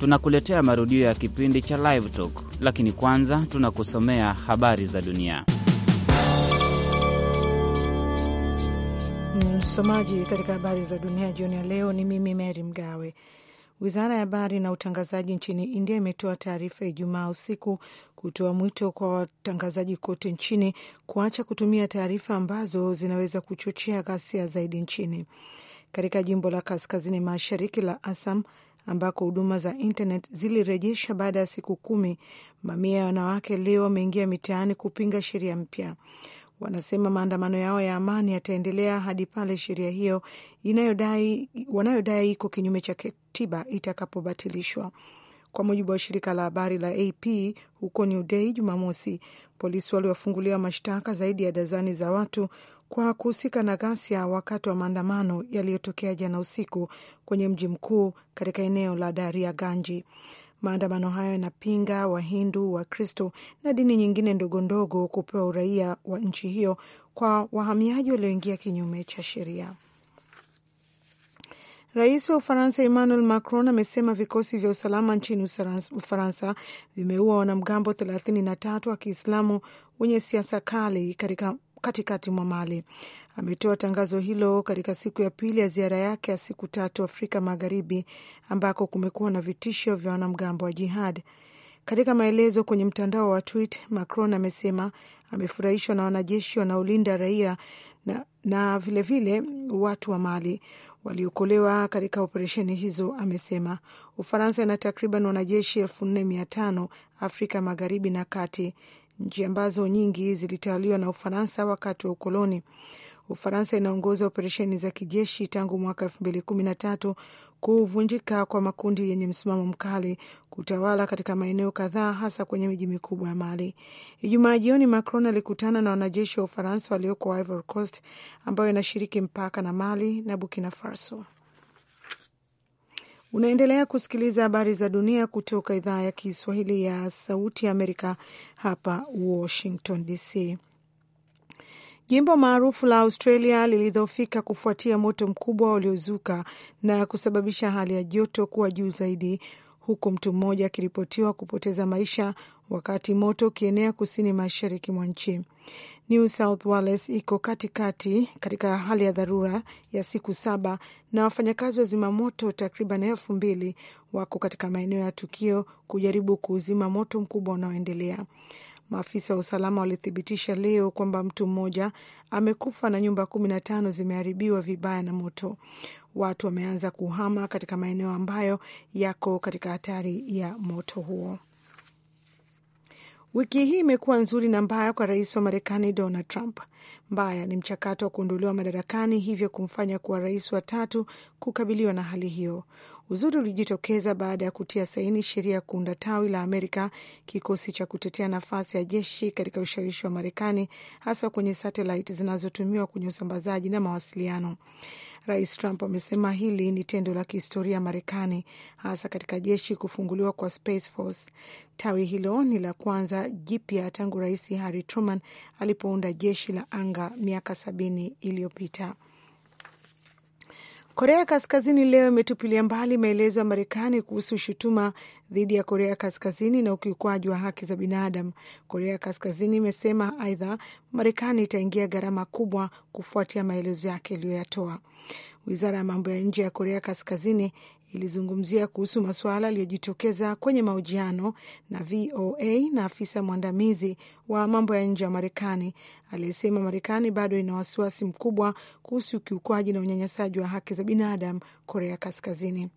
tunakuletea marudio ya kipindi cha Live Talk, lakini kwanza tunakusomea habari za dunia. Msomaji katika habari za dunia jioni ya leo ni mimi Mary Mgawe. Wizara ya habari na utangazaji nchini India imetoa taarifa Ijumaa usiku kutoa mwito kwa watangazaji kote nchini kuacha kutumia taarifa ambazo zinaweza kuchochea ghasia zaidi nchini. Katika jimbo la kaskazini mashariki la Assam, ambako huduma za internet zilirejeshwa baada ya siku kumi, mamia ya wanawake leo wameingia mitaani kupinga sheria mpya. Wanasema maandamano yao ya amani yataendelea hadi pale sheria hiyo inayodai wanayodai iko kinyume cha katiba itakapobatilishwa. Kwa mujibu wa shirika la habari la AP huko New Delhi Jumamosi, polisi waliwafungulia mashtaka zaidi ya dazani za watu kwa kuhusika na ghasia wakati wa maandamano yaliyotokea jana usiku kwenye mji mkuu katika eneo la Daria Ganji. Maandamano hayo yanapinga Wahindu, Wakristo na dini nyingine ndogo ndogo kupewa uraia wa nchi hiyo kwa wahamiaji walioingia kinyume cha sheria. Rais wa Ufaransa Emmanuel Macron amesema vikosi vya usalama nchini Ufaransa vimeua wanamgambo 33 wa Kiislamu wenye siasa kali katika katikati mwa Mali. Ametoa tangazo hilo katika siku ya pili ya ziara yake ya siku tatu Afrika Magharibi, ambako kumekuwa na vitisho vya wanamgambo wa jihad. Katika maelezo kwenye mtandao wa Twit, Macron amesema amefurahishwa na wanajeshi wanaolinda raia na, na vilevile vile watu wa Mali waliokolewa katika operesheni hizo. Amesema Ufaransa ina takriban wanajeshi elfu nne mia tano Afrika Magharibi na kati, nchi ambazo nyingi zilitawaliwa na Ufaransa wakati wa ukoloni. Ufaransa inaongoza operesheni za kijeshi tangu mwaka elfu mbili kumi na tatu kuvunjika kwa makundi yenye msimamo mkali kutawala katika maeneo kadhaa hasa kwenye miji mikubwa ya Mali. Ijumaa jioni, Macron alikutana na wanajeshi wa Ufaransa walioko Ivory Coast ambayo inashiriki mpaka na Mali na Burkina Faso. Unaendelea kusikiliza habari za dunia kutoka idhaa ya Kiswahili ya Sauti ya Amerika, hapa Washington DC. Jimbo maarufu la Australia lilidhoofika kufuatia moto mkubwa uliozuka na kusababisha hali ya joto kuwa juu zaidi, huku mtu mmoja akiripotiwa kupoteza maisha wakati moto ukienea kusini mashariki mwa nchi. New South Wales iko katikati katika hali ya dharura ya siku saba na wafanyakazi wa zimamoto takriban elfu mbili wako katika maeneo ya tukio kujaribu kuuzima moto mkubwa unaoendelea. Maafisa wa usalama walithibitisha leo kwamba mtu mmoja amekufa na nyumba kumi na tano zimeharibiwa vibaya na moto. Watu wameanza kuhama katika maeneo ambayo yako katika hatari ya moto huo. Wiki hii imekuwa nzuri na mbaya kwa rais wa Marekani Donald Trump. Mbaya ni mchakato wa kuondolewa madarakani, hivyo kumfanya kuwa rais wa tatu kukabiliwa na hali hiyo. Uzuri ulijitokeza baada ya kutia saini sheria ya kuunda tawi la Amerika, kikosi cha kutetea nafasi ya jeshi katika ushawishi wa Marekani, hasa kwenye satelit zinazotumiwa kwenye usambazaji na mawasiliano. Rais Trump amesema hili ni tendo la kihistoria Marekani, hasa katika jeshi kufunguliwa kwa Space Force. Tawi hilo ni la kwanza jipya tangu Rais Harry Truman alipounda jeshi la anga miaka sabini iliyopita. Korea Kaskazini leo imetupilia mbali maelezo ya Marekani kuhusu shutuma dhidi ya Korea Kaskazini na ukiukwaji wa haki za binadamu. Korea Kaskazini imesema aidha, Marekani itaingia gharama kubwa kufuatia maelezo yake iliyoyatoa. Wizara ya mambo ya nje ya Korea Kaskazini ilizungumzia kuhusu masuala yaliyojitokeza kwenye mahojiano na VOA na afisa mwandamizi wa mambo ya nje wa Marekani aliyesema Marekani bado ina wasiwasi mkubwa kuhusu ukiukwaji na unyanyasaji wa haki za binadamu Korea Kaskazini.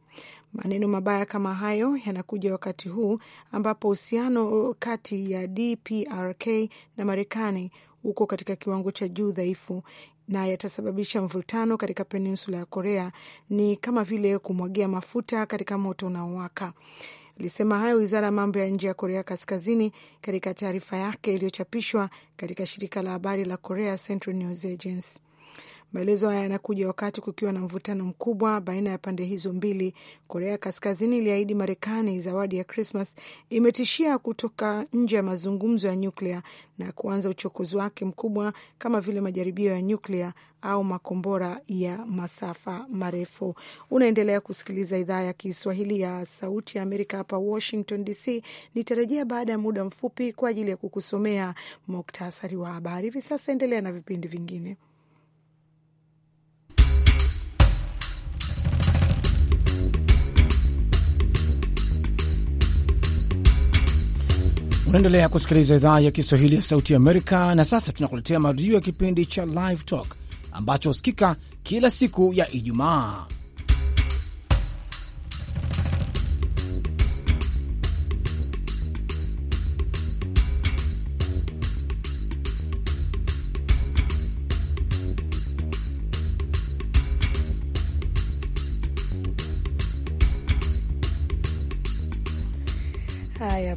Maneno mabaya kama hayo yanakuja wakati huu ambapo uhusiano kati ya DPRK na Marekani uko katika kiwango cha juu dhaifu, na yatasababisha mvutano katika peninsula ya Korea ni kama vile kumwagia mafuta katika moto unaowaka. Ilisema hayo wizara ya mambo ya nje ya Korea Kaskazini katika taarifa yake iliyochapishwa katika shirika la habari la Korea Central News Agency. Maelezo haya yanakuja wakati kukiwa na mvutano mkubwa baina ya pande hizo mbili. Korea Kaskazini iliahidi Marekani zawadi ya Krismas, imetishia kutoka nje ya mazungumzo ya nyuklia na kuanza uchokozi wake mkubwa kama vile majaribio ya nyuklia au makombora ya masafa marefu. Unaendelea kusikiliza idhaa ya Kiswahili ya Sauti ya Amerika hapa Washington DC. Nitarejea baada ya muda mfupi kwa ajili ya kukusomea muktasari wa habari. Hivi sasa endelea na vipindi vingine. Unaendelea kusikiliza idhaa ya Kiswahili ya Sauti Amerika, na sasa tunakuletea marudio ya kipindi cha Live Talk ambacho husikika kila siku ya Ijumaa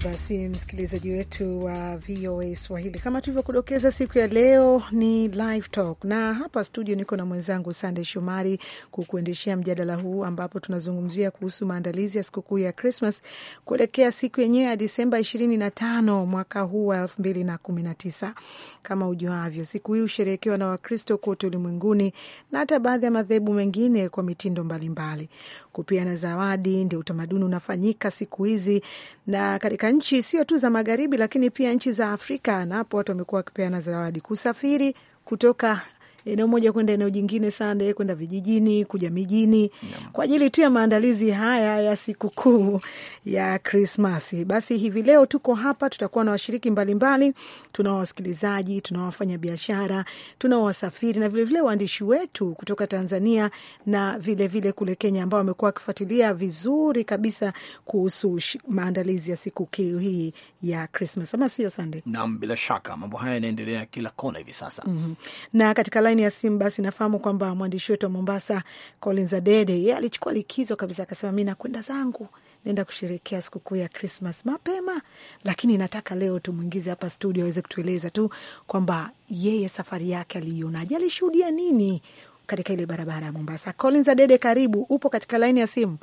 basi msikilizaji wetu wa VOA Swahili, kama tulivyokudokeza, siku ya leo ni live talk, na hapa studio niko na mwenzangu Sande Shomari kukuendeshea mjadala huu ambapo tunazungumzia kuhusu maandalizi ya sikukuu ya Krismas kuelekea siku yenyewe ya Disemba ishirini na tano mwaka huu wa elfu mbili na kumi na tisa. Kama ujuavyo, siku hii husherehekewa na Wakristo kote ulimwenguni na hata baadhi ya madhehebu mengine kwa mitindo mbalimbali mbali kupeana zawadi ndio utamaduni unafanyika siku hizi, na katika nchi sio tu za magharibi, lakini pia nchi za Afrika, na hapo watu wamekuwa wakipeana zawadi. Kusafiri kutoka eneo moja kwenda eneo jingine, Sande, kwenda vijijini, kuja mijini yeah, kwa ajili tu ya maandalizi haya ya sikukuu ya Krismasi. Basi hivi leo tuko hapa, tutakuwa na washiriki mbalimbali, tunao wasikilizaji, tunao wafanya biashara, tunao wasafiri na vilevile waandishi wetu kutoka Tanzania na vilevile vile kule Kenya ambao wamekuwa wakifuatilia vizuri kabisa kuhusu maandalizi ya sikukuu hii ya Krismas, ama sio Sande? Naam, bila shaka mambo haya yanaendelea kila kona hivi sasa. mm -hmm. na katika laini ya simu, basi nafahamu kwamba mwandishi wetu wa Mombasa Collins Adede yeye alichukua likizo kabisa, akasema mi nakwenda zangu naenda kusherekea sikukuu ya Krismas mapema, lakini nataka leo tumwingize hapa studio aweze kutueleza tu kwamba yeye safari yake aliionaje, alishuhudia nini katika ile barabara ya Mombasa. Collins Adede, karibu, upo katika laini ya simu.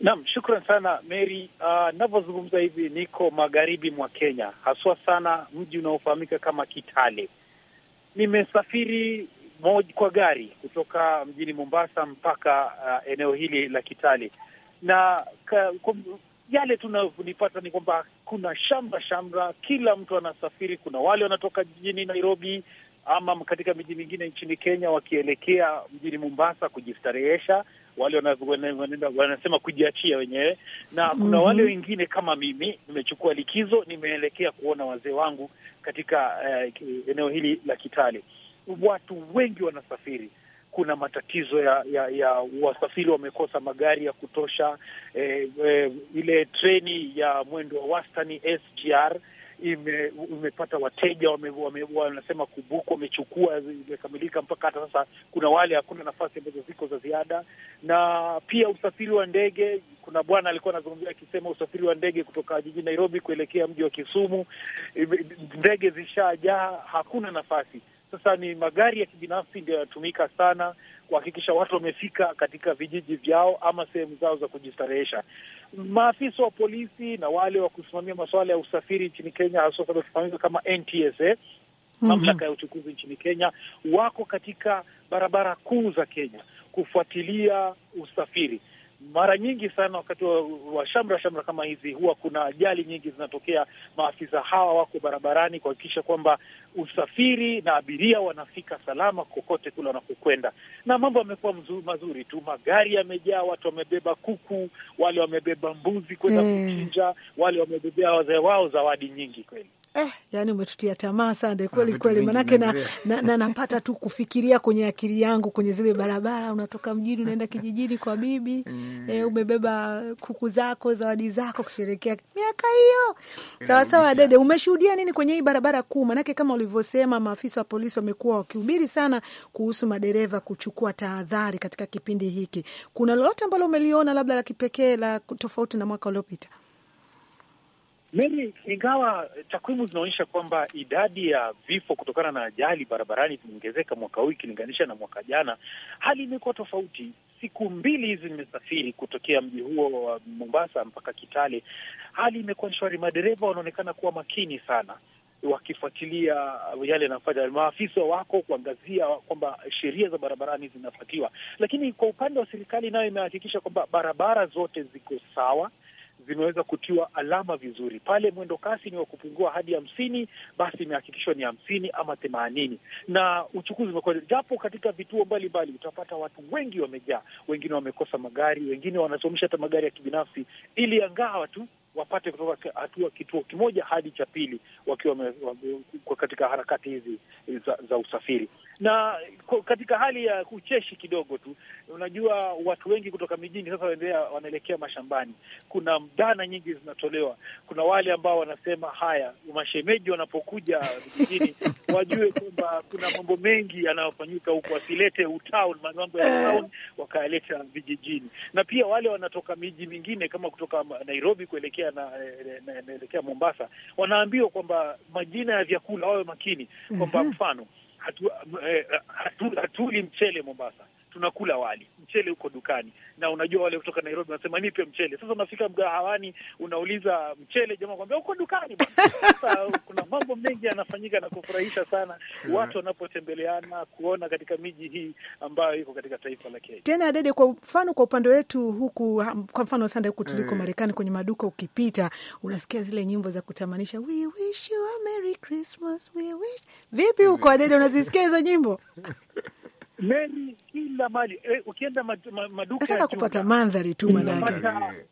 Naam, shukran sana Mary. Uh, navyozungumza hivi niko magharibi mwa Kenya, haswa sana mji unaofahamika kama Kitale. Nimesafiri kwa gari kutoka mjini Mombasa mpaka uh, eneo hili la Kitale na ka, kum, yale tunalipata ni kwamba kuna shamra shamra, kila mtu anasafiri. Kuna wale wanatoka jijini Nairobi ama katika miji mingine nchini Kenya wakielekea mjini Mombasa kujistarehesha, wale wanasema kujiachia wenyewe, na kuna mm -hmm. wale wengine kama mimi nimechukua likizo, nimeelekea kuona wazee wangu katika eh, eneo hili la Kitale. Watu wengi wanasafiri, kuna matatizo ya, ya, ya wasafiri wamekosa magari ya kutosha. Eh, eh, ile treni ya mwendo wa wastani SGR ime, imepata wateja wanasema kubuku wamechukua imekamilika mpaka hata sasa. Kuna wale hakuna nafasi ambazo ziko za ziada, na pia usafiri wa ndege. Kuna bwana alikuwa anazungumzia akisema usafiri wa ndege kutoka jijini Nairobi kuelekea mji wa Kisumu, ndege zishajaa, hakuna nafasi. Sasa ni magari ya kibinafsi ndio yanatumika sana kuhakikisha watu wamefika katika vijiji vyao ama sehemu zao za kujistarehesha maafisa wa polisi na wale wa kusimamia masuala ya usafiri nchini Kenya hasa wanaofahamika kama NTSA mhm. mamlaka mm -hmm. ya uchukuzi nchini Kenya wako katika barabara kuu za Kenya kufuatilia usafiri mara nyingi sana wakati wa, wa shamra shamra kama hizi huwa kuna ajali nyingi zinatokea. Maafisa hawa wako barabarani kuhakikisha kwamba usafiri na abiria wanafika salama kokote kule wanakokwenda, na mambo yamekuwa mazuri tu. Magari yamejaa, watu wamebeba kuku, wale wamebeba mbuzi kwenda mm. kuchinja, wale wamebebea wazee wao zawadi nyingi kweli. Eh, yani umetutia tamaa sande kweli kweli, manake na, na, na napata tu kufikiria kwenye akili yangu kwenye zile barabara, unatoka mjini unaenda kijijini kwa bibi mm. Eh, umebeba kuku zako, zawadi zako, kusherekea miaka hiyo. sawasawa sawa, dede, umeshuhudia nini kwenye hii barabara kuu? Manake kama ulivyosema, maafisa wa polisi wamekuwa wakihubiri sana kuhusu madereva kuchukua tahadhari katika kipindi hiki. Kuna lolote ambalo umeliona labda la kipekee la tofauti na mwaka uliopita? meri ingawa takwimu zinaonyesha kwamba idadi ya vifo kutokana na ajali barabarani zimeongezeka mwaka huu ikilinganisha na mwaka jana, hali imekuwa tofauti. Siku mbili hizi nimesafiri kutokea mji huo wa Mombasa mpaka Kitale, hali imekuwa shwari. Madereva wanaonekana kuwa makini sana, wakifuatilia yale yanafanya. Maafisa wako kuangazia kwamba sheria za barabarani zinafuatiwa, lakini kwa upande wa serikali nayo imehakikisha kwamba barabara zote ziko sawa zimeweza kutiwa alama vizuri. Pale mwendo kasi ni wa kupungua hadi hamsini, basi imehakikishwa ni hamsini ama themanini, na uchukuzi umekuwa japo, katika vituo mbalimbali utapata watu wengi wamejaa, wengine wamekosa magari, wengine wanasomesha hata magari ya kibinafsi, ili angawa tu wapate kutoka hatua kituo kimoja hadi cha pili, wakiwa katika harakati hizi za, za usafiri na katika hali ya kucheshi kidogo tu. Unajua, watu wengi kutoka mijini sasa wanaelekea mashambani. Kuna mdana nyingi zinatolewa. Kuna wale ambao wanasema haya, mashemeji wanapokuja vijijini wajue kwamba kuna mambo mengi yanayofanyika huko, wasilete utown, mambo ya eh. town wakayaleta vijijini. Na pia wale wanatoka miji mingine kama kutoka Nairobi kuelekea na, e, e, na, na, na, na, Mombasa wanaambiwa kwamba majina ya vyakula wawe makini kwamba mhm. mfano hatu, eh, hatu, hatuli mchele Mombasa, tunakula wali, mchele uko dukani, na unajua wale kutoka Nairobi wanasema pia mchele. Sasa unafika mgahawani, unauliza mchele, jamaa kwambia uko dukani. Sasa kuna mambo mengi yanafanyika na kufurahisha sana watu wanapotembeleana, kuona katika miji hii ambayo iko katika taifa la Kenya. Tena Dede, kwa mfano kwa upande wetu huku, kwa mfano sanda huku tuliko eh. Marekani, kwenye maduka ukipita, unasikia zile nyimbo za kutamanisha, we wish you a merry Christmas, we wish. Vipi huko Dede, unazisikia hizo nyimbo? meli kila mali e, eh, ukienda maduka nataka kupata mandhari tu manake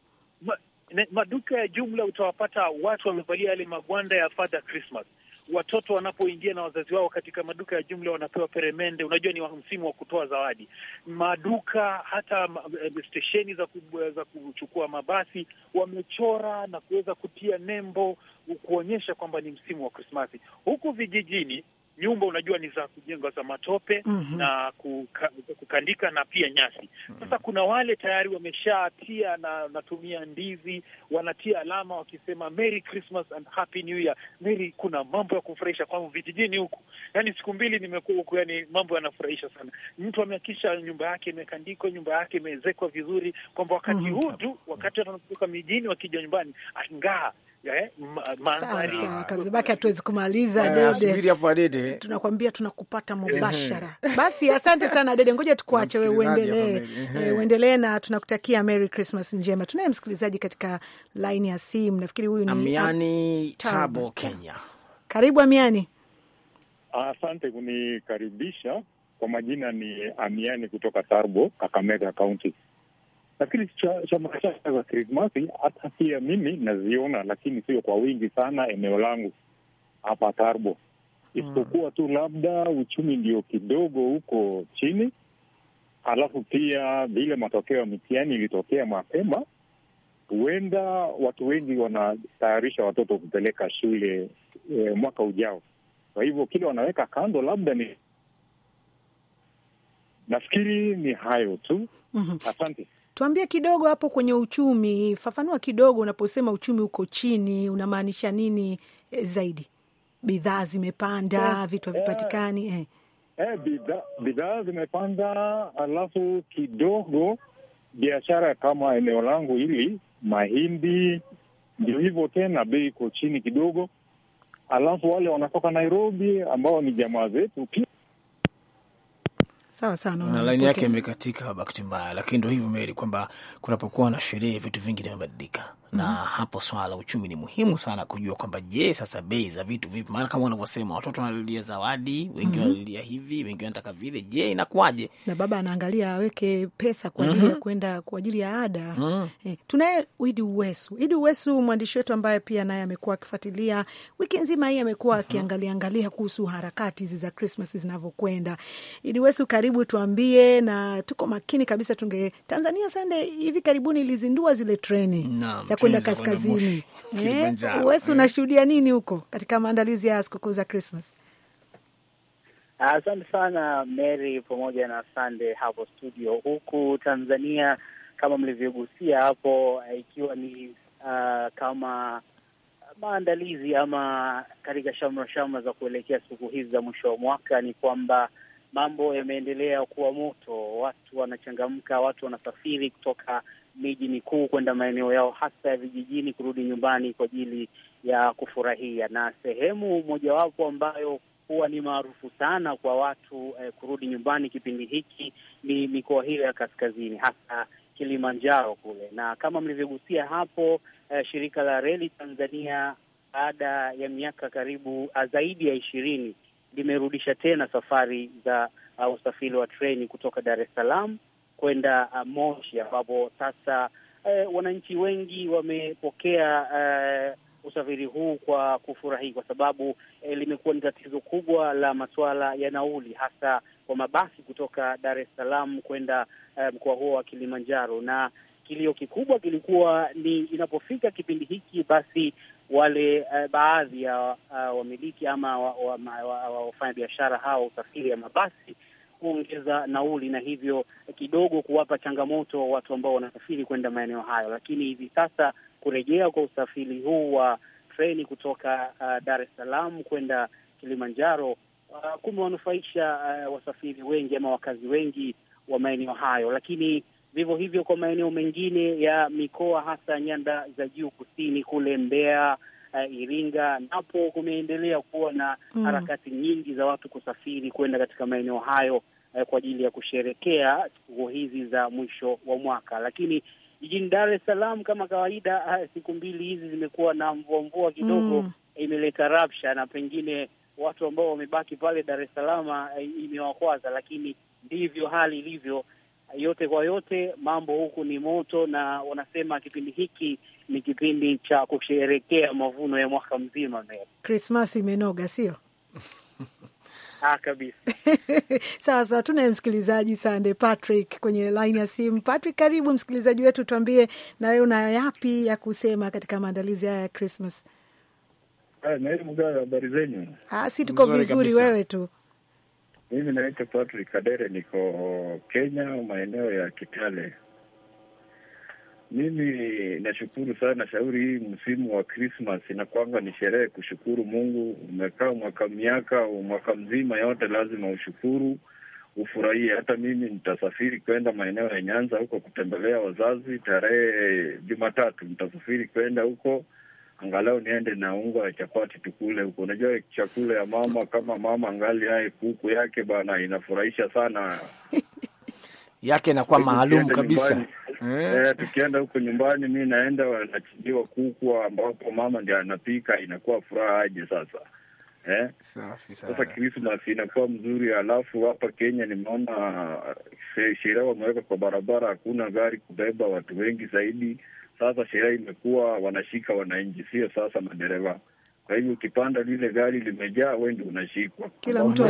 maduka ya jumla utawapata watu wamevalia yale magwanda ya Father Christmas. Watoto wanapoingia na wazazi wao katika maduka ya jumla wanapewa peremende. Unajua ni msimu wa kutoa zawadi. Maduka hata eh, stesheni za, za kuchukua mabasi wamechora na kuweza kutia nembo kuonyesha kwamba ni msimu wa Krismasi. Huku vijijini nyumba unajua ni za kujengwa za matope mm -hmm. na kuka, kukandika na pia nyasi. Mhm. Sasa kuna wale tayari wameshatia na natumia ndizi, wanatia alama wakisema Merry Christmas and Happy New Year. Merry, kuna mambo ya kufurahisha kwangu vijijini huku, yani siku mbili nimekuwa huku, yani mambo yanafurahisha sana. Mtu amehakisha nyumba yake imekandikwa, nyumba yake imeezekwa vizuri, kwamba wakati mm -hmm. huu tu, wakati wanatoka mijini wakija nyumbani angaa eh, mandhari hatuwezi kumaliza eh, Dede tunakwambia tunakupata mubashara. Basi asante sana Dede, ngoja tukuache wewe uendelee eh, uendelee, na tunakutakia Merry Christmas njema. Tunaye msikilizaji katika laini ya simu, nafikiri huyu ni Amiani Tabo, Kenya. Karibu Amiani. Asante kunikaribisha. Kwa majina ni Amiani kutoka Tarbo, Kakamega Kaunti lakini chama chake za Krismasi hata pia mimi naziona, lakini sio kwa wingi sana eneo langu hapa Tarbo, isipokuwa hmm. tu labda uchumi ndio kidogo huko chini, alafu pia vile matokeo ya mitihani ilitokea mapema, huenda watu wengi wanatayarisha watoto kupeleka shule e, mwaka ujao. Kwa hivyo kile wanaweka kando labda ni nafikiri ni hayo tu. Mhm. Asante. Tuambie kidogo hapo kwenye uchumi, fafanua kidogo, unaposema uchumi uko chini unamaanisha nini eh, zaidi? Bidhaa zimepanda, eh, vitu eh, havipatikani? Eh, eh, bidhaa bidhaa zimepanda, alafu kidogo biashara kama eneo langu hili mahindi ndio hivyo tena, bei iko chini kidogo. Alafu wale wanatoka Nairobi ambao ni jamaa zetu pia sawa sana laini yake imekatika, bakti mbaya. Lakini ndo hivyo Meri, kwamba kunapokuwa na sherehe vitu vingi vinabadilika na mm -hmm. Hapo swala la uchumi ni muhimu sana kujua kwamba je, sasa bei za vitu vipi? Maana kama unavyosema watoto wanalilia zawadi, wengi mhm. wanalilia mm -hmm. hivi, wengi wanataka vile. Je, inakuwaje? Na baba anaangalia aweke pesa kwa mhm. ajili mm -hmm. ya kwenda kwa ajili ya ada mm -hmm. Eh, tunaye Idi Uwesu, Idi Uwesu mwandishi wetu ambaye pia naye amekuwa akifuatilia wiki nzima hii amekuwa mm -hmm. akiangalia angalia kuhusu harakati hizi za Krismas zinavyokwenda. Idi Uwesu, karibu tuambie, na tuko makini kabisa tunge Tanzania Sande hivi karibuni ilizindua zile treni no kwenda kaskazini eh? Wesi, eh. unashuhudia nini huko katika maandalizi ya sikukuu za Krismas? Asante uh, sana Mary pamoja na Sande hapo studio. Huku Tanzania kama mlivyogusia hapo, eh, ikiwa ni uh, kama maandalizi ama katika shamra shamra za kuelekea siku hizi za mwisho wa mwaka, ni kwamba mambo yameendelea kuwa moto, watu wanachangamka, watu wanasafiri kutoka miji mikuu kwenda maeneo yao hasa ya vijijini, kurudi nyumbani kwa ajili ya kufurahia. Na sehemu mojawapo ambayo huwa ni maarufu sana kwa watu eh, kurudi nyumbani kipindi hiki ni mikoa hiyo ya kaskazini, hasa Kilimanjaro kule. Na kama mlivyogusia hapo, eh, shirika la reli Tanzania baada ya miaka karibu ah, zaidi ya ishirini limerudisha tena safari za uh, usafiri wa treni kutoka Dar es Salaam kwenda uh, Moshi ambapo sasa uh, wananchi wengi wamepokea uh, usafiri huu kwa kufurahi, kwa sababu uh, limekuwa ni tatizo kubwa la masuala ya nauli, hasa kwa mabasi kutoka Dar es Salaam kwenda uh, mkoa huo wa Kilimanjaro na kilio kikubwa kilikuwa ni inapofika kipindi hiki basi wale uh, baadhi ya uh, wamiliki ama wafanyabiashara wa, wa, wa, hawa usafiri ya mabasi kuongeza nauli na hivyo kidogo kuwapa changamoto watu ambao wanasafiri kwenda maeneo hayo. Lakini hivi sasa kurejea kwa usafiri huu wa treni kutoka uh, Dar es Salaam kwenda Kilimanjaro uh, kumewanufaisha uh, wasafiri wengi ama wakazi wengi wa maeneo hayo, lakini vivyo hivyo kwa maeneo mengine ya mikoa hasa nyanda za juu kusini kule Mbeya uh, Iringa napo kumeendelea kuwa na mm, harakati nyingi za watu kusafiri kwenda katika maeneo hayo uh, kwa ajili ya kusherekea sikukuu hizi za mwisho wa mwaka, lakini jijini Dar es Salaam kama kawaida, uh, siku mbili hizi zimekuwa na mvua mvua kidogo mm, imeleta rabsha na pengine watu ambao wamebaki pale Dar es Salaam uh, imewakwaza, lakini ndivyo hali ilivyo. Yote kwa yote, mambo huku ni moto, na wanasema kipindi hiki ni kipindi cha kusheherekea mavuno ya mwaka mzima. Krismas imenoga, sio? Ah, kabisa. Sawa sawa, tunaye msikilizaji Sande Patrick kwenye laini ya simu. Patrick, karibu msikilizaji wetu, tuambie na wewe una yapi ya kusema katika maandalizi haya ya Krismas. Habari zenyu? Ah, si tuko vizuri, wewe tu? Mimi naitwa Patrick adere niko Kenya, maeneo ya Kitale. Mimi nashukuru sana. Shauri hii msimu wa Krismas inakwanga ni sherehe kushukuru Mungu. Umekaa mwaka miaka mwaka mzima yote, lazima ushukuru, ufurahie. Hata mimi nitasafiri kwenda maeneo ya Nyanza huko kutembelea wazazi tarehe Jumatatu, nitasafiri kwenda huko angalau niende na unga ya chapati tukule huko. Unajua chakula ya mama, kama mama angali aye kuku yake bana, inafurahisha sana yake inakuwa maalum kabisa. Eh. eh, tukienda huko nyumbani, mi naenda wanachinjiwa kuku ambapo mama ndio anapika, inakuwa furaha aje sasa eh? Safi sana. Sasa Christmas inakuwa mzuri. Alafu hapa Kenya nimeona sherehe wameweka kwa barabara, hakuna gari kubeba watu wengi zaidi. Sasa sherehe imekuwa wanashika wananchi, sio sasa madereva kwa hivyo ukipanda lile gari limejaa, wendi unashikwa. Kila mtu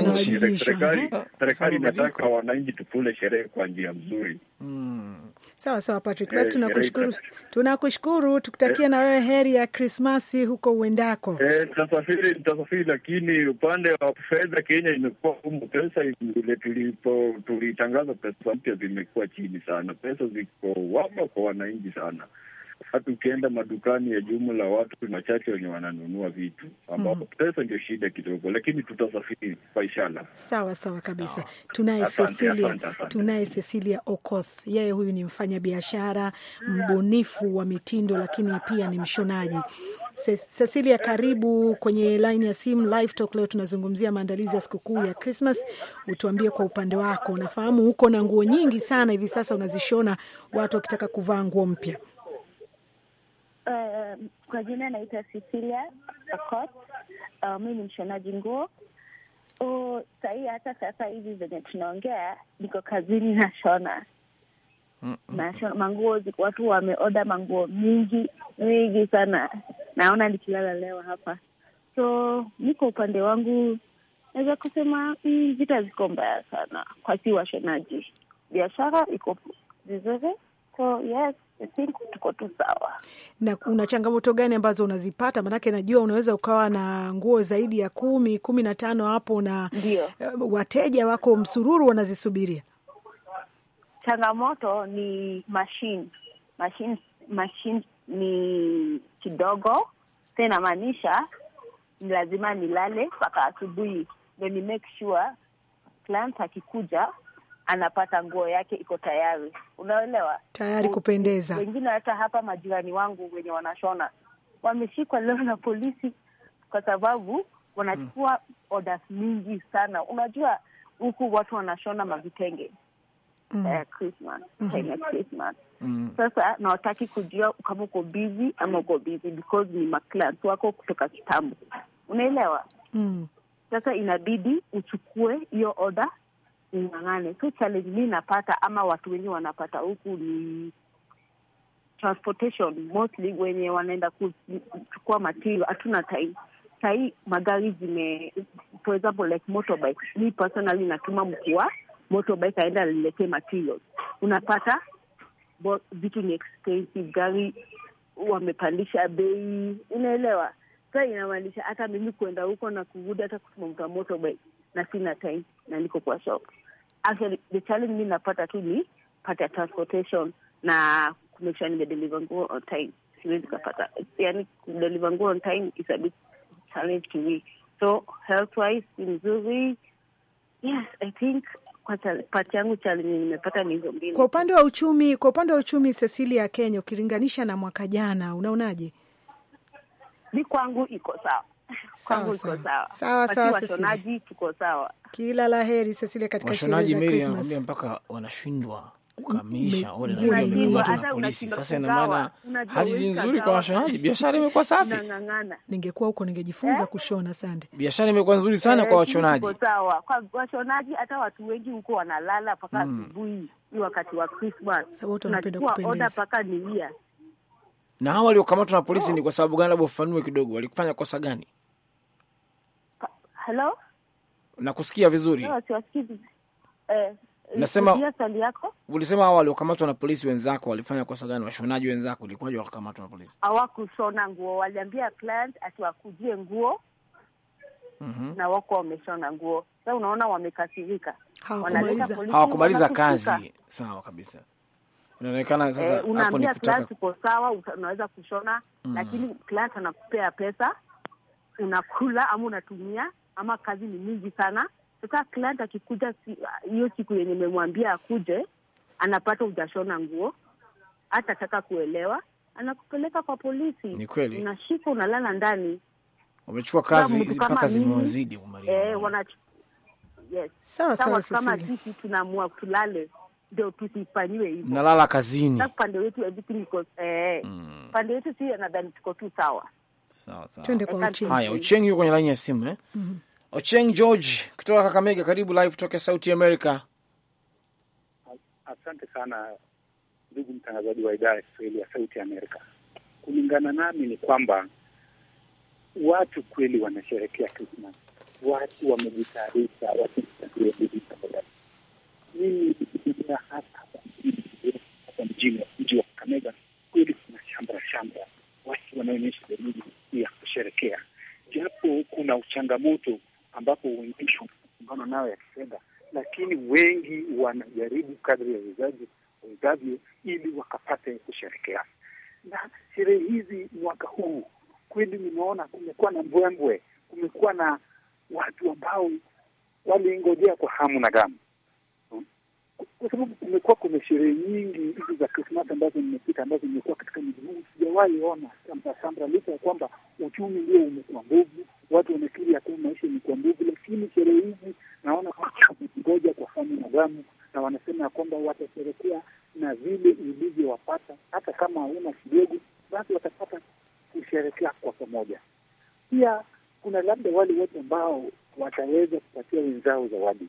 Serikali inataka wananchi tufule sherehe kwa njia mzuri. Mm. Sawa sawa, Patrick, eh, basi tunakushukuru, tunakushukuru, tukutakia eh. na wewe heri ya Krismasi huko uendako. Eh, tutasafiri lakini upande wa fedha Kenya imekuwa humu, pesa ile tulipo tulitangaza pesa mpya zimekuwa chini sana, pesa ziko wama kwa wananchi sana hata ukienda madukani ya jumla, watu machache wenye wananunua vitu, ambapo mhm. pesa ndio shida kidogo, lakini tutasafiri inshallah. Sawa sawa kabisa. Tunaye Cecilia, tunaye Cecilia Okoth, yeye huyu ni mfanya biashara mm. mbunifu wa mitindo, lakini pia ni mshonaji. Cecilia, karibu kwenye laini ya simu Live Talk. Leo tunazungumzia maandalizi ya sikukuu ya Krismas. Utuambie kwa upande wako, unafahamu huko na nguo nyingi sana hivi sasa unazishona watu wakitaka kuvaa nguo mpya. Um, kwa jina anaitwa Cecilia Akot. Uh, mi ni mshonaji nguo. Uh, sahii hata sasa hivi venye tunaongea niko kazini na shona mm, mm. Nashona manguo, watu wameoda manguo mingi mingi sana, naona nikilala leo hapa, so niko upande wangu naweza kusema mm, vita ziko mbaya sana kwa si washonaji, biashara iko vizuri, so yes tuko tu sawa. Na kuna changamoto gani ambazo unazipata? Maanake najua unaweza ukawa na nguo zaidi ya kumi kumi na tano hapo na Ndiyo. Eh, wateja wako msururu wanazisubiria. Changamoto ni mashin mashine ni kidogo, sa inamaanisha ni lazima nilale mpaka asubuhi, ndo ni make sure client akikuja anapata nguo yake iko tayari, unaelewa, tayari kupendeza. Wengine hata hapa majirani wangu wenye wanashona wameshikwa leo na polisi kwa sababu wanachukua mm. orders mingi sana. Unajua huku watu wanashona mavitenge mm. uh, Christmas mm -hmm. Christmas mm. Sasa nawataki kujua kama uko busy ama uko busy because ni maclient wako kutoka kitambo, unaelewa mm. Sasa inabidi uchukue hiyo order ning'ang'ane tu. Challenge mi napata ama watu wengi wanapata huku ni transportation, mostly wenye wanaenda kuchukua material, hatuna time sahii. Magari zime for example like motorbike, mi personally natuma mkuu wa motorbike aenda aliletee materials, unapata vitu ni expensive, gari wamepandisha bei, unaelewa. Sa inamaanisha hata mimi kuenda huko na kurudi, hata kusimamka mtu motorbike na sina time na niko kwa shop. Actually the challenge mi napata tu ni pata ya transportation na kumekisha sure nimedeliver nguo on time. Siwezi kapata, yani kudeliver nguo on time is a bit challenge to me, so health wise ni mzuri. Yes, I think pati yangu challenge nimepata ni hizo mbili. Kwa upande wa uchumi, kwa upande wa uchumi, sesili ya Kenya, ukilinganisha na mwaka jana, unaonaje? Mi kwangu iko sawa sawa sawa Washonaji tuko sawa, kila la heri Cecilia, katika washonaji meli anakwambia mpaka wanashindwa kukamilisha ole na polisi. Sasa ina maana hali ni nzuri kwa washonaji, biashara imekuwa safi. Ningekuwa huko ningejifunza eh? kushona sande, biashara imekuwa nzuri sana kwa eh, washonaji. Sawa kwa washonaji, hata watu wengi huko wanalala mpaka mm. asubuhi, hii wakati wa Christmas sababu wanapenda kupendeza, mpaka nilia. Na hao waliokamatwa na polisi ni kwa sababu gani? Labda ufanue kidogo, walikufanya kosa gani? Hello? Nakusikia vizuri. No, siwasikizi. Eh, eh, nasema swali yako. Ulisema hao waliokamatwa na polisi wenzako walifanya kosa gani? Washonaji wenzako ilikuwaje wakakamatwa na polisi? Hawakushona nguo, waliambia client atiwakujie nguo. Mm -hmm. Na wako wameshona nguo. Sasa unaona wamekasirika. Wanaleta polisi. Hawakumaliza kazi. Sawa kabisa. Inaonekana eh, sasa eh, hapo ni kutaka uko sawa, unaweza kushona mm -hmm. Lakini client anakupea pesa unakula ama unatumia ama kazi ni mingi sana. Sasa client akikuja hiyo si, siku yenye imemwambia akuje, anapata ujashona nguo, hatataka kuelewa, anakupeleka kwa polisi. Ni kweli, unashika unalala ndani, wamechukua kazi mpaka zimewazidi eh, sawa sawa, kama sisi tunaamua tulale ndio tusifanyiwe hivyo, nalala kazini. Sasa pande wetu everything iko eh, mm. pande wetu si, nadhani tuko tu sawa sawa sawa. Twende kwa Uchengi. Haya, Uchengi yuko kwenye laini ya simu eh? mm -hmm. Ocheng George kutoka Kakamega, karibu live kutoka Sauti America. Asante sana ndugu mtangazaji wa idhaa ya Kiswahili ya Sauti Amerika. Kulingana nami ni kwamba watu kweli wanasherehekea Krismas, watu wamejitayarisha, wakiaia boda. Mimi hata mjini mji wa Kakamega kweli kuna shambra shamba watu wanaonyesha dalili ya kusherekea, japo kuna uchangamoto ambapo uishi kupambana nayo ya kifedha, lakini wengi wanajaribu kadri ya wezaji wezavyo ili wakapate kusherekeana Na sherehe hizi mwaka huu kweli, nimeona kumekuwa na mbwembwe, kumekuwa na watu ambao waliingojea kwa hamu na gamu kwa sababu kumekuwa kuna sherehe nyingi hizi za Krismasi ambazo nimepita, ambazo nimekuwa katika mji huu, sijawahi ona samrasambra, licha ya kwamba uchumi ndio umekuwa nguvu, watu wanakiri ya kuwa maisha imekuwa nguvu, lakini sherehe hizi naona ngoja kwa fani na ghamu, na wanasema ya kwamba watasherekea na vile ilivyowapata, hata kama hauna kidogo, basi watapata kusherekea kwa pamoja. Pia kuna labda wale wote ambao wataweza kupatia wenzao zawadi,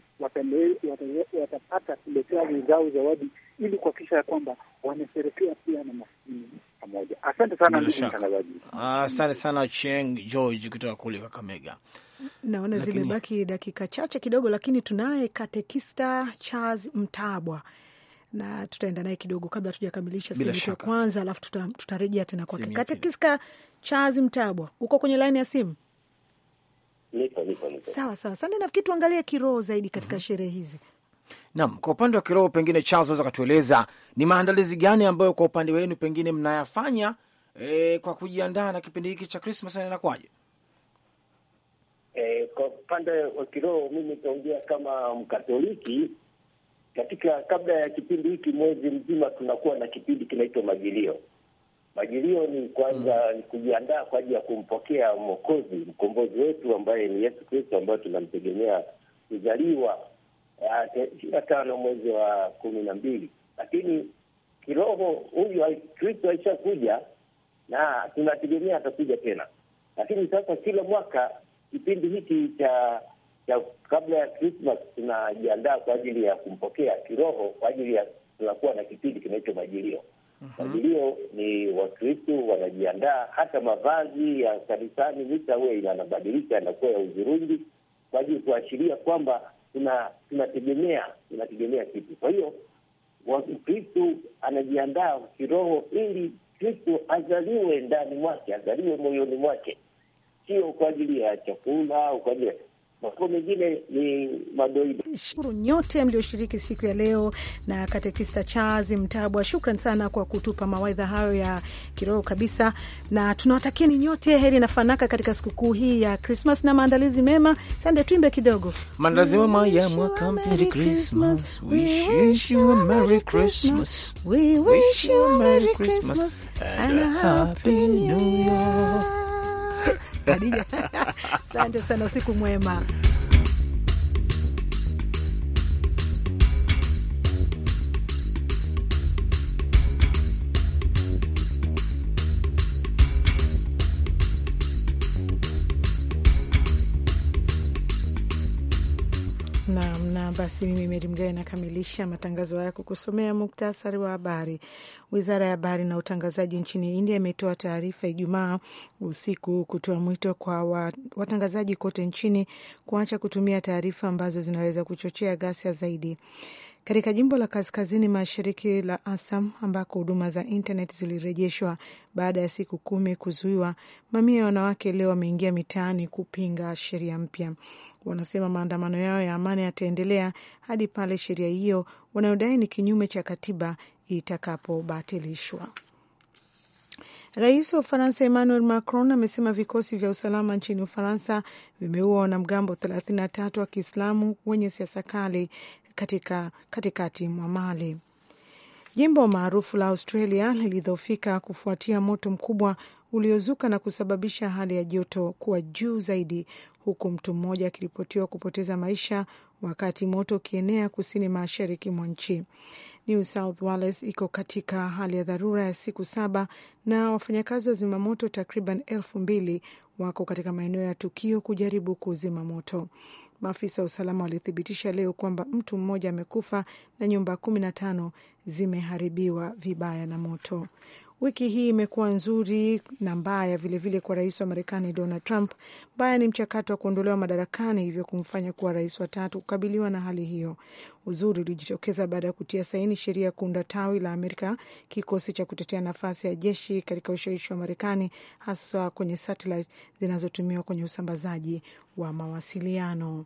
watapata kuletea wenzao zawadi ili kuhakikisha ya kwamba wanasherekea pia na maskini pamoja. Asante sana ndugu mtangazaji. Asante sana Cheng George kutoka kule Kakamega. Naona lakini... zimebaki dakika chache kidogo, lakini tunaye katekista Charles Mtabwa na tutaenda naye kidogo kabla tujakamilisha sehemu ya kwanza, alafu tutarejea tuta tena kwake. Katekista Charles Mtabwa, uko kwenye laini ya simu? Niko, Sawa sawa sana, nafikiri tuangalie kiroho zaidi katika mm -hmm. sherehe hizi. Nam, kwa upande wa kiroho, pengine Charles, unaweza ukatueleza ni maandalizi gani ambayo kwa upande wenu pengine mnayafanya e, kwa kujiandaa na kipindi hiki cha Krismas inakuwaje? E, kwa upande wa kiroho, mimi nitaongea kama Mkatoliki. Katika kabla ya kipindi hiki, mwezi mzima tunakuwa na kipindi kinaitwa Majilio Majilio ni kwanza mm. ni kujiandaa kwa ajili ya kumpokea Mwokozi, mkombozi wetu ambaye ni Yesu Kristo, ambayo tunamtegemea kuzaliwa eh, ishirini na tano mwezi wa kumi na mbili. Lakini kiroho huyu Kristo alishakuja na tunategemea atakuja tena, lakini sasa kila mwaka kipindi hiki cha ya kabla ya Krismas tunajiandaa kwa ajili ya kumpokea kiroho, kwa ajili ya tunakuwa na kipindi kinaitwa Majilio. Salilio mhm. ni Wakristo wanajiandaa, hata mavazi ya kanisani misa huwa inabadilika yanakuwa ya uzurungi kwa ajili kuashiria kwamba tunategemea tunategemea kitu. Kwa hiyo Wakristo anajiandaa kiroho ili Kristo azaliwe ndani mwake, azaliwe moyoni mwake, sio kwa ajili ya chakula au kwa ajili makuu ni madoido. Shukuru nyote mlioshiriki siku ya leo, na katekista Charles Mtabwa, shukran sana kwa kutupa mawaidha hayo ya kiroho kabisa, na tunawatakia ni nyote heri na fanaka katika sikukuu hii ya Krismas na maandalizi mema. Sande, tuimbe kidogo, maandalizi mema ya mwaka mpya. Khadija. Asante sana, usiku mwema. Basi mimi Meri Mgawe nakamilisha matangazo haya kukusomea muktasari wa habari. Wizara ya habari na utangazaji nchini India imetoa taarifa Ijumaa usiku kutoa mwito kwa watangazaji kote nchini kuacha kutumia taarifa ambazo zinaweza kuchochea ghasia zaidi. Katika jimbo la kaskazini mashariki la Assam ambako huduma za intaneti zilirejeshwa baada ya siku kumi kuzuiwa, mamia ya wanawake leo wameingia mitaani kupinga sheria mpya wanasema maandamano yao ya amani yataendelea hadi pale sheria hiyo wanayodai ni kinyume cha katiba itakapobatilishwa. Rais wa Ufaransa Emmanuel Macron amesema vikosi vya usalama nchini Ufaransa vimeua wanamgambo 33 wa Kiislamu wenye siasa kali katika katikati mwa Mali. Jimbo maarufu la Australia lilidhofika kufuatia moto mkubwa uliozuka na kusababisha hali ya joto kuwa juu zaidi, huku mtu mmoja akiripotiwa kupoteza maisha wakati moto ukienea kusini mashariki mwa nchi. New South Wales iko katika hali ya dharura ya siku saba na wafanyakazi wa zimamoto takriban elfu mbili wako katika maeneo ya tukio kujaribu kuzima moto. Maafisa wa usalama walithibitisha leo kwamba mtu mmoja amekufa na nyumba kumi na tano zimeharibiwa vibaya na moto. Wiki hii imekuwa nzuri na mbaya vilevile kwa rais wa Marekani Donald Trump. Mbaya ni mchakato wa kuondolewa madarakani, hivyo kumfanya kuwa rais wa tatu kukabiliwa na hali hiyo. Uzuri ulijitokeza baada ya kutia saini sheria ya kuunda tawi la Amerika, kikosi cha kutetea nafasi ya jeshi katika ushawishi wa Marekani, haswa kwenye satelit zinazotumiwa kwenye usambazaji wa mawasiliano.